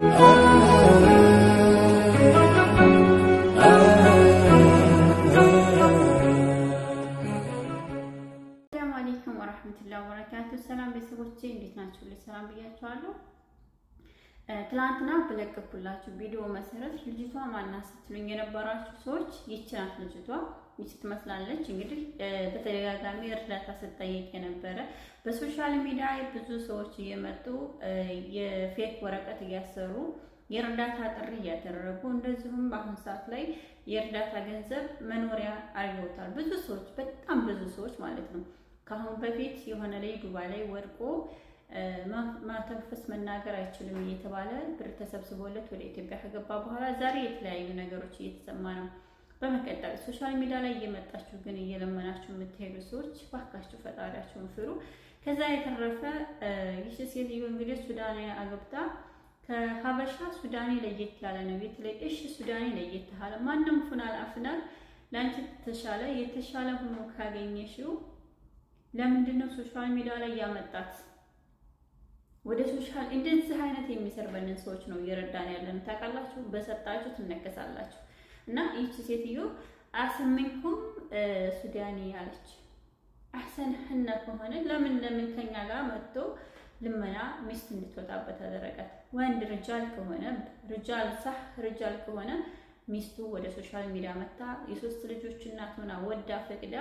ሰላም ቤተሰቦቼ እንዴት ናችሁ? ልጅ ሰላም ብያችኋለሁ። ትላንትና በለቀኩላችሁ ቪዲዮ መሰረት ልጅቷ ማና ስትሉኝ የነበራችሁ ሰዎች ይችናት ልጅቷ ይች ትመስላለች። እንግዲህ በተደጋጋሚ እርዳታ ስጠይቅ የነበረ በሶሻል ሚዲያ ብዙ ሰዎች እየመጡ የፌክ ወረቀት እያሰሩ የእርዳታ ጥሪ እያደረጉ እንደዚሁም በአሁኑ ሰዓት ላይ የእርዳታ ገንዘብ መኖሪያ አድርገውታል። ብዙ ሰዎች በጣም ብዙ ሰዎች ማለት ነው። ከአሁን በፊት የሆነ ላይ ዱባይ ላይ ወድቆ ማተንፈስ መናገር አይችልም እየተባለ ብር ተሰብስቦለት ወደ ኢትዮጵያ ከገባ በኋላ ዛሬ የተለያዩ ነገሮች እየተሰማ ነው። በመቀጠል ሶሻል ሚዲያ ላይ እየመጣችሁ ግን እየለመናችሁ የምትሄዱ ሰዎች ባካችሁ ፈጣሪያችሁን ፍሩ። ከዛ የተረፈ ይህች ሴትዮ እንግዲህ ሱዳን አገብታ ከሀበሻ ሱዳኔ ለየት ያለ ነው ላይ እሺ፣ ሱዳኔ ለየት ያለ ማንም ፉናል አፍናል ለአንቺ ተሻለ የተሻለ ሆኖ ካገኘሽው ለምንድን ነው ሶሻል ሚዲያ ላይ ያመጣት? ወደ ሶሻል እንደዚህ አይነት የሚሰርበንን ሰዎች ነው እየረዳን ያለን። ታውቃላችሁ፣ በሰጣችሁ ትነገሳላችሁ። እና ይቺ ሴትዮ አስምንኩም ሱዳኒ አለች። አሰን ህና ከሆነ ለምን ለምን ከኛ ጋር መጥቶ ልመና ሚስት እንድትወጣበት አደረጋት። ወንድ ርጃል ከሆነ ርጃል ሳህ ርጃል ከሆነ ሚስቱ ወደ ሶሻል ሚዲያ መታ የሶስት ልጆች እናት ሆና ወዳ ፈቅዳ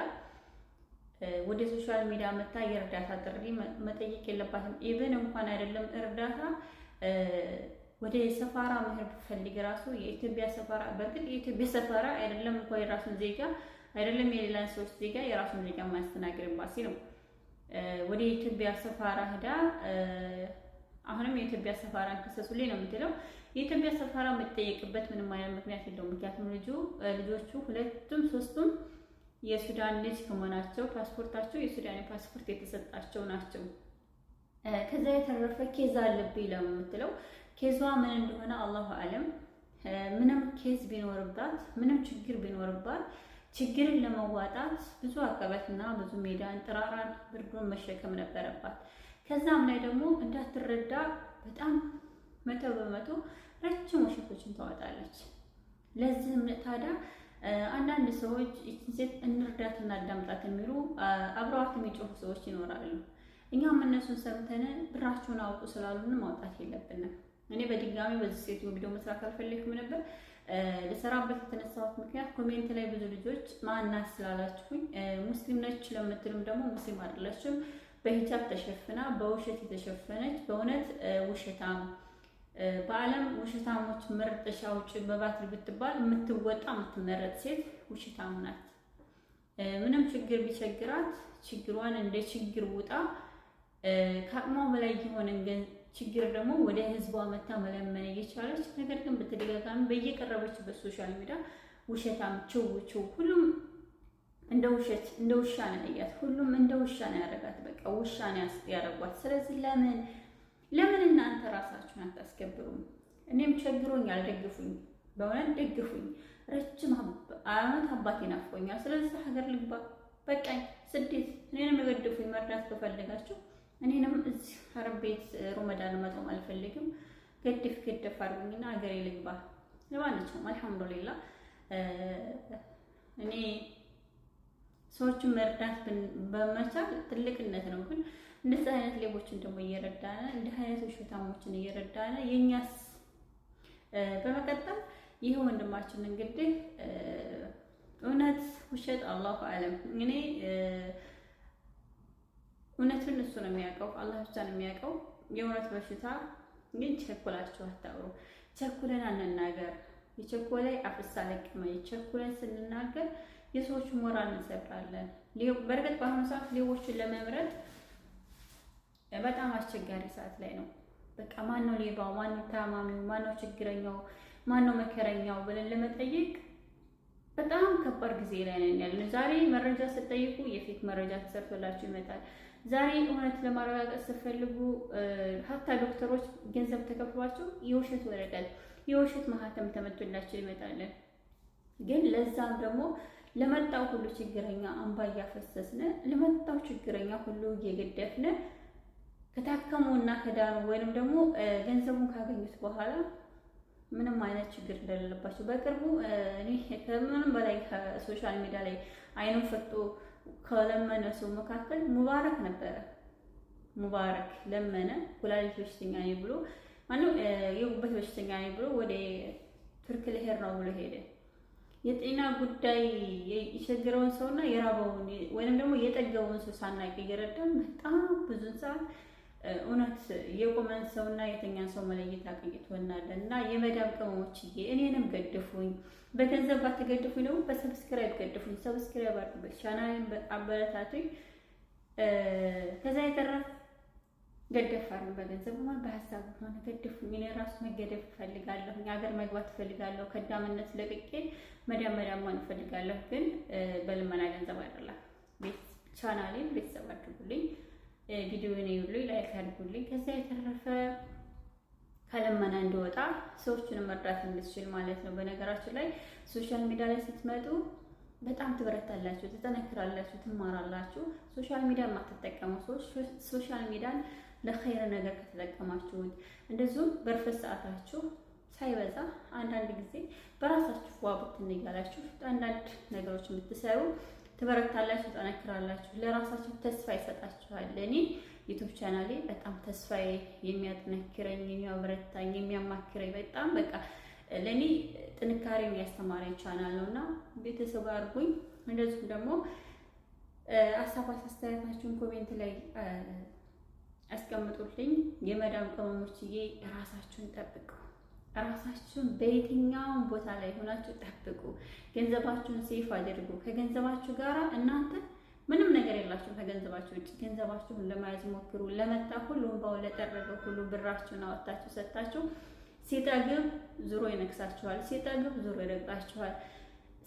ወደ ሶሻል ሚዲያ መታ የእርዳታ ጥሪ መጠየቅ የለባትም። ኢቨን እንኳን አይደለም እርዳታ ወደ ሰፋራ መሄድ ፈልግ ራሱ የኢትዮጵያ ሰፋራ በእርግጥ የኢትዮጵያ ሰፋራ አይደለም እንኳ የራሱን ዜጋ አይደለም የሌላን ሰዎች ዜጋ የራሱን ዜጋ የማያስተናግድ ኤምባሲ ነው። ወደ የኢትዮጵያ ሰፋራ ህዳ አሁንም የኢትዮጵያ ሰፋራን ክሰሱልኝ ነው የምትለው። የኢትዮጵያ ሰፋራ የምትጠየቅበት ምንም አይነት ምክንያት የለውም። ምክንያቱም ልጁ ልጆቹ ሁለቱም ሶስቱም የሱዳን ልጅ ከመሆናቸው ፓስፖርታቸው የሱዳን ፓስፖርት የተሰጣቸው ናቸው። ከዛ የተረፈ ኬዝ አለብኝ ለምትለው ኬዟ ምን እንደሆነ አላሁ አለም። ምንም ኬዝ ቢኖርባት ምንም ችግር ቢኖርባት ችግርን ለመዋጣት ብዙ አቀበትና ብዙ ሜዳን፣ ጥራራን፣ ብርዱን መሸከም ነበረባት። ከዛም ላይ ደግሞ እንዳትረዳ በጣም መቶ በመቶ ረጅም ውሸቶችን ታወጣለች። ለዚህም ታዲያ አንዳንድ ሰዎች ይችን ሴት እንርዳት እናዳምጣት የሚሉ አብረዋት የሚጮፉ ሰዎች ይኖራሉ። እኛም እነሱን ሰምተን ብራቸውን አውጡ ስላሉን ማውጣት የለብንም። እኔ በድጋሚ በዚህ ሴት ቪዲዮ መስራት አልፈለግኩም ነበር። ልሰራበት የተነሳሁት ምክንያት ኮሜንት ላይ ብዙ ልጆች ማናት ስላላችሁኝ፣ ሙስሊም ነች ለምትሉም ደግሞ ሙስሊም አይደለችም፣ በሂጃብ ተሸፍና በውሸት የተሸፈነች በእውነት ውሸታም በዓለም ውሽታሞች ምርጥ ሻውጭ በባትሪ ብትባል የምትወጣ የምትመረጥ ሴት ውሽታም ናት። ምንም ችግር ቢቸግራት ችግሯን እንደ ችግር ውጣ ከአቅሟ በላይ የሆነ ችግር ደግሞ ወደ ህዝቧ መታ መለመን እየቻለች ነገር ግን በተደጋጋሚ በየቀረበችበት ሶሻል ሚዲያ ውሸታም ችው ችው ሁሉም እንደ ውሸት እንደ ውሻ ነው ያያት። ሁሉም እንደ ውሻ ነው ያደረጋት። በቃ ውሻ ነው ያደረጓት። ስለዚህ ለምን ለምን እናንተ ራሳችሁን አታስከብሩም? እኔም ቸግሮኛል፣ ደግፉኝ፣ በእውነት ደግፉኝ። ረጅም አመት አባቴ ናፍቆኛል። ስለዚህ ሀገር ልግባ፣ በቃኝ፣ ስደት። እኔንም የገደፉኝ መርዳት ከፈለጋችሁ እኔንም እዚህ አረብ ቤት ሮመዳን መጠም አልፈልግም። ገድፍ ገደፍ አድርጉኝና ሀገሬ ልግባ። ለማንኛውም አልሐምዱሊላ እኔ ሰዎችን መርዳት በመቻል ትልቅነት ነው። ግን እንደዚህ አይነት ሌቦችን ደግሞ እየረዳነ እንዲህ አይነት ውሸታሞችን እየረዳነ የእኛስ በመቀጠል ይህ ወንድማችን እንግዲህ እውነት ውሸት አላሁ አለም። እኔ እውነቱን እሱ ነው የሚያውቀው፣ አላህ ብቻ ነው የሚያውቀው። የእውነት በሽታ ግን ቸኩላችሁ አታውሩ። ቸኩለን አንናገር። የቸኮላይ አፍሳ ለቅመ የቸኩለን ስንናገር የሰዎች ሞራል እንሰብራለን። በእርግጥ በአሁኑ ሰዓት ሌቦችን ለመምረጥ በጣም አስቸጋሪ ሰዓት ላይ ነው። በቃ ማነው ሌባ፣ ማነው ታማሚው፣ ማነው ችግረኛው፣ ማነው መከረኛው ብለን ለመጠየቅ በጣም ከባድ ጊዜ ላይ ነን ያለን። ዛሬ መረጃ ስትጠይቁ የፌክ መረጃ ተሰርቶላችሁ ይመጣል። ዛሬ እውነት ለማረጋገጥ ስትፈልጉ ሀታ ዶክተሮች ገንዘብ ተከፍሏቸው የውሸት ወረቀት የውሸት ማህተም ተመቶላቸው ይመጣለን። ግን ለዛም ደግሞ ለመጣው ሁሉ ችግረኛ አንባ እያፈሰስን ለመጣው ችግረኛ ሁሉ እየገደፍን ከታከሙ እና ከዳኑ ወይንም ደግሞ ገንዘቡን ካገኙት በኋላ ምንም አይነት ችግር እንደሌለባቸው በቅርቡ እኔ ከምንም በላይ ከሶሻል ሚዲያ ላይ አይኑን ፈጦ ከለመነ ሰው መካከል ሙባረክ ነበረ። ሙባረክ ለመነ ኩላሊት በሽተኛ ነኝ ብሎ ማነው የጉበት በሽተኛ ነኝ ብሎ ወደ ቱርክ ልሄድ ነው ብሎ ሄደ። የጤና ጉዳይ የቸገረውን ሰውና የራበውን ወይም ደግሞ የጠገበውን ሰው ሳናውቅ እየረዳን በጣም ብዙ ሰዓት እውነት የቆመን ሰው ሰውና የተኛን ሰው መለየት አቅቶናል። እና የመዳብ ቅመሞችዬ እኔንም ገድፉኝ። በገንዘብ ባትገድፉኝ ደግሞ በሰብስክራይብ ገድፉኝ። ሰብስክራይብ አድርጉበት፣ ቻናሌን አበረታቱኝ። ከዛ የተረፈ ገደፋሉ። በገንዘብ ሆን በሀሳብ ሆነ ገደፉኝ። እኔ ራሱ መገደፍ እፈልጋለሁ። ሀገር መግባት እፈልጋለሁ። ከዳምነት ለቅቄ መዳም መዳም መሆን እፈልጋለሁ። ግን በልመና ገንዘብ አይደለም። ቻናሌን ቤተሰብ አድርጉልኝ፣ ቪዲዮን ይሉኝ፣ ላይክ አድርጉልኝ። ከዚያ የተረፈ ከልመና እንዲወጣ ሰዎችን መርዳት እንድችል ማለት ነው። በነገራችን ላይ ሶሻል ሚዲያ ላይ ስትመጡ በጣም ትበረታላችሁ፣ ትጠነክራላችሁ፣ ትማራላችሁ። ሶሻል ሚዲያ ማትጠቀሙ ሰዎች ሶሻል ሚዲያን ለኸይር ነገር ከተጠቀማችሁት፣ እንደዚሁም በርፈት ሰዓታችሁ ሳይበዛ አንዳንድ ጊዜ በራሳችሁ ዋቡት ብትን አንዳንድ ነገሮች የምትሰሩ ትበረታላችሁ፣ ጠነክራላችሁ፣ ለራሳችሁ ተስፋ ይሰጣችኋል። እኔ ዩቱብ ቻናሌ በጣም ተስፋ የሚያጠነክረኝ የሚያበረታኝ፣ የሚያማክረኝ በጣም በቃ ለእኔ ጥንካሬ የሚያስተማረኝ ቻናል ነው እና ቤተሰብ አድርጉኝ። እንደዚሁም ደግሞ አሳባት አስተያየታችሁን ኮሜንት ላይ አስቀምጡልኝ የመዳም ቅመሞችዬ ራሳችሁን ጠብቁ። ራሳችሁን በየትኛውም ቦታ ላይ ሆናችሁ ጠብቁ። ገንዘባችሁን ሴፍ አድርጉ። ከገንዘባችሁ ጋር እናንተ ምንም ነገር የላችሁም ከገንዘባችሁ ውጭ። ገንዘባችሁን ለመያዝ ሞክሩ። ለመጣ ሁሉ እንባውን ለጠረገ ሁሉ ብራችሁን አወጣችሁ ሰጣችሁ። ሲጠግብ ዙሮ ይነክሳችኋል፣ ሲጠግብ ዙሮ ይረግጣችኋል።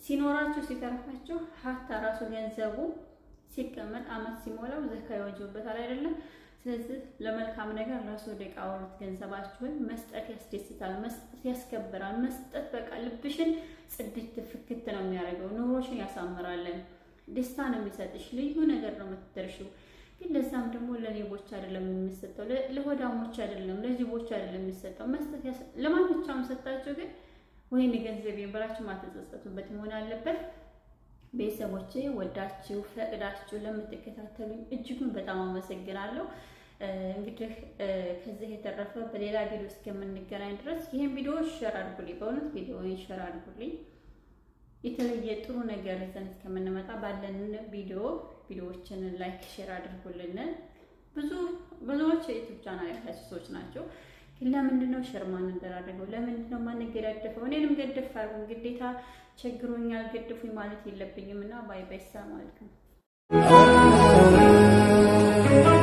ሲኖራችሁ ሲተርፋችሁ ሀታ ራሱ ገንዘቡ ሲቀመጥ አመት ሲሞላው ዘካ ይወጅበታል አይደለም ስለዚህ ለመልካም ነገር ራስ ወደ ዕቃ ገንዘባችሁን መስጠት ያስደስታል፣ መስጠት ያስከብራል። መስጠት በቃ ልብሽን ጽድት ፍክት ነው የሚያደርገው። ኑሮሽን ያሳምራለን። ደስታ ነው የሚሰጥሽ። ልዩ ነገር ነው የምትደርሺው። ግን ለዛም ደግሞ ለሌቦች አይደለም የሚሰጠው፣ ለሆዳሞች አይደለም፣ ለጅቦች አይደለም የሚሰጠው። መስጠት ለማን ብቻም ሰጣችሁ ግን ወይኔ ገንዘቤን ብላችሁ ማትጸጸቱበት መሆን አለበት። ቤተሰቦቼ ወዳችሁ ፈቅዳችሁ ለምትከታተሉኝ እጅጉን በጣም አመሰግናለሁ። እንግዲህ ከዚህ የተረፈ በሌላ ቪዲዮ እስከምንገናኝ ድረስ ይህን ቪዲዮ ሸር አድርጉልኝ። በእውነት ቪዲዮ ሸር አድርጉልኝ። የተለየ ጥሩ ነገር ይዘን እስከምንመጣ ባለን ቪዲዮ ቪዲዮዎችን ላይክ ሼር አድርጉልን። ብዙ ብዙዎች የዩቲዩብ ቻናል ያላቸው ሰዎች ናቸው። ለምንድን ነው ሸርማ እንደራደፈው? ለምንድን ነው ማን ገዳደፈው? እኔንም ገደፍ አርጉን። ግዴታ ቸግሮኛል ገድፉኝ ማለት የለብኝም እና ባይ ባይ። ሰላም አለይኩም።